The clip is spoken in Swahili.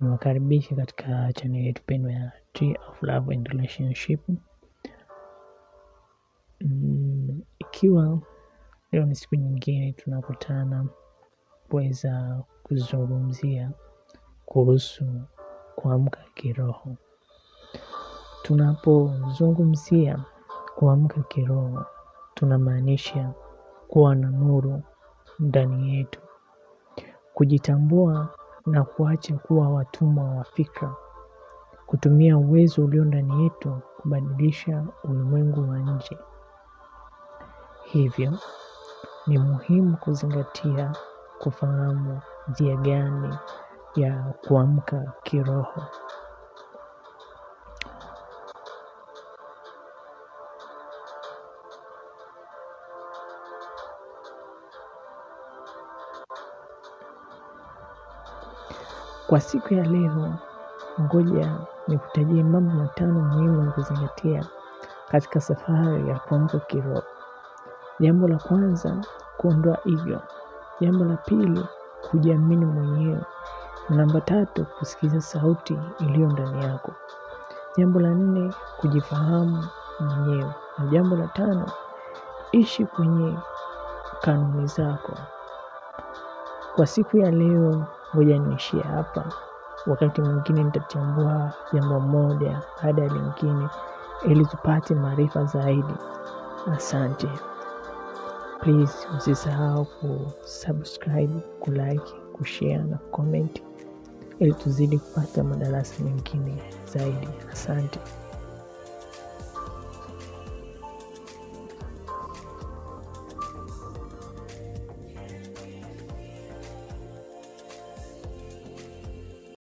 Nawakaribisha katika chaneli yetu pendwa ya Tree of Love and Relationship. Mm, ikiwa leo ni siku nyingine tunakutana kuweza kuzungumzia kuhusu kuamka kiroho. Tunapozungumzia kuamka kiroho, tunamaanisha kuwa na nuru ndani yetu, kujitambua na kuacha kuwa watumwa wa fikra, kutumia uwezo ulio ndani yetu kubadilisha ulimwengu wa nje. Hivyo ni muhimu kuzingatia kufahamu njia gani ya kuamka kiroho. Kwa siku ya leo, ngoja nikutajie mambo matano muhimu ya kuzingatia katika safari ya kuamka kiroho. Jambo la kwanza, kuondoa ego. Jambo la pili, kujiamini mwenyewe. Na namba tatu, kusikiza sauti iliyo ndani yako. Jambo la nne, kujifahamu mwenyewe. Na jambo la tano, ishi kwenye kanuni zako. Kwa siku ya leo, ngoja niishie hapa. Wakati mwingine nitachambua jambo moja baada ya lingine ili tupate maarifa zaidi. Asante. Please usisahau kusubscribe, kulike, kushare na comment ili tuzidi kupata madarasa mengine zaidi. Asante.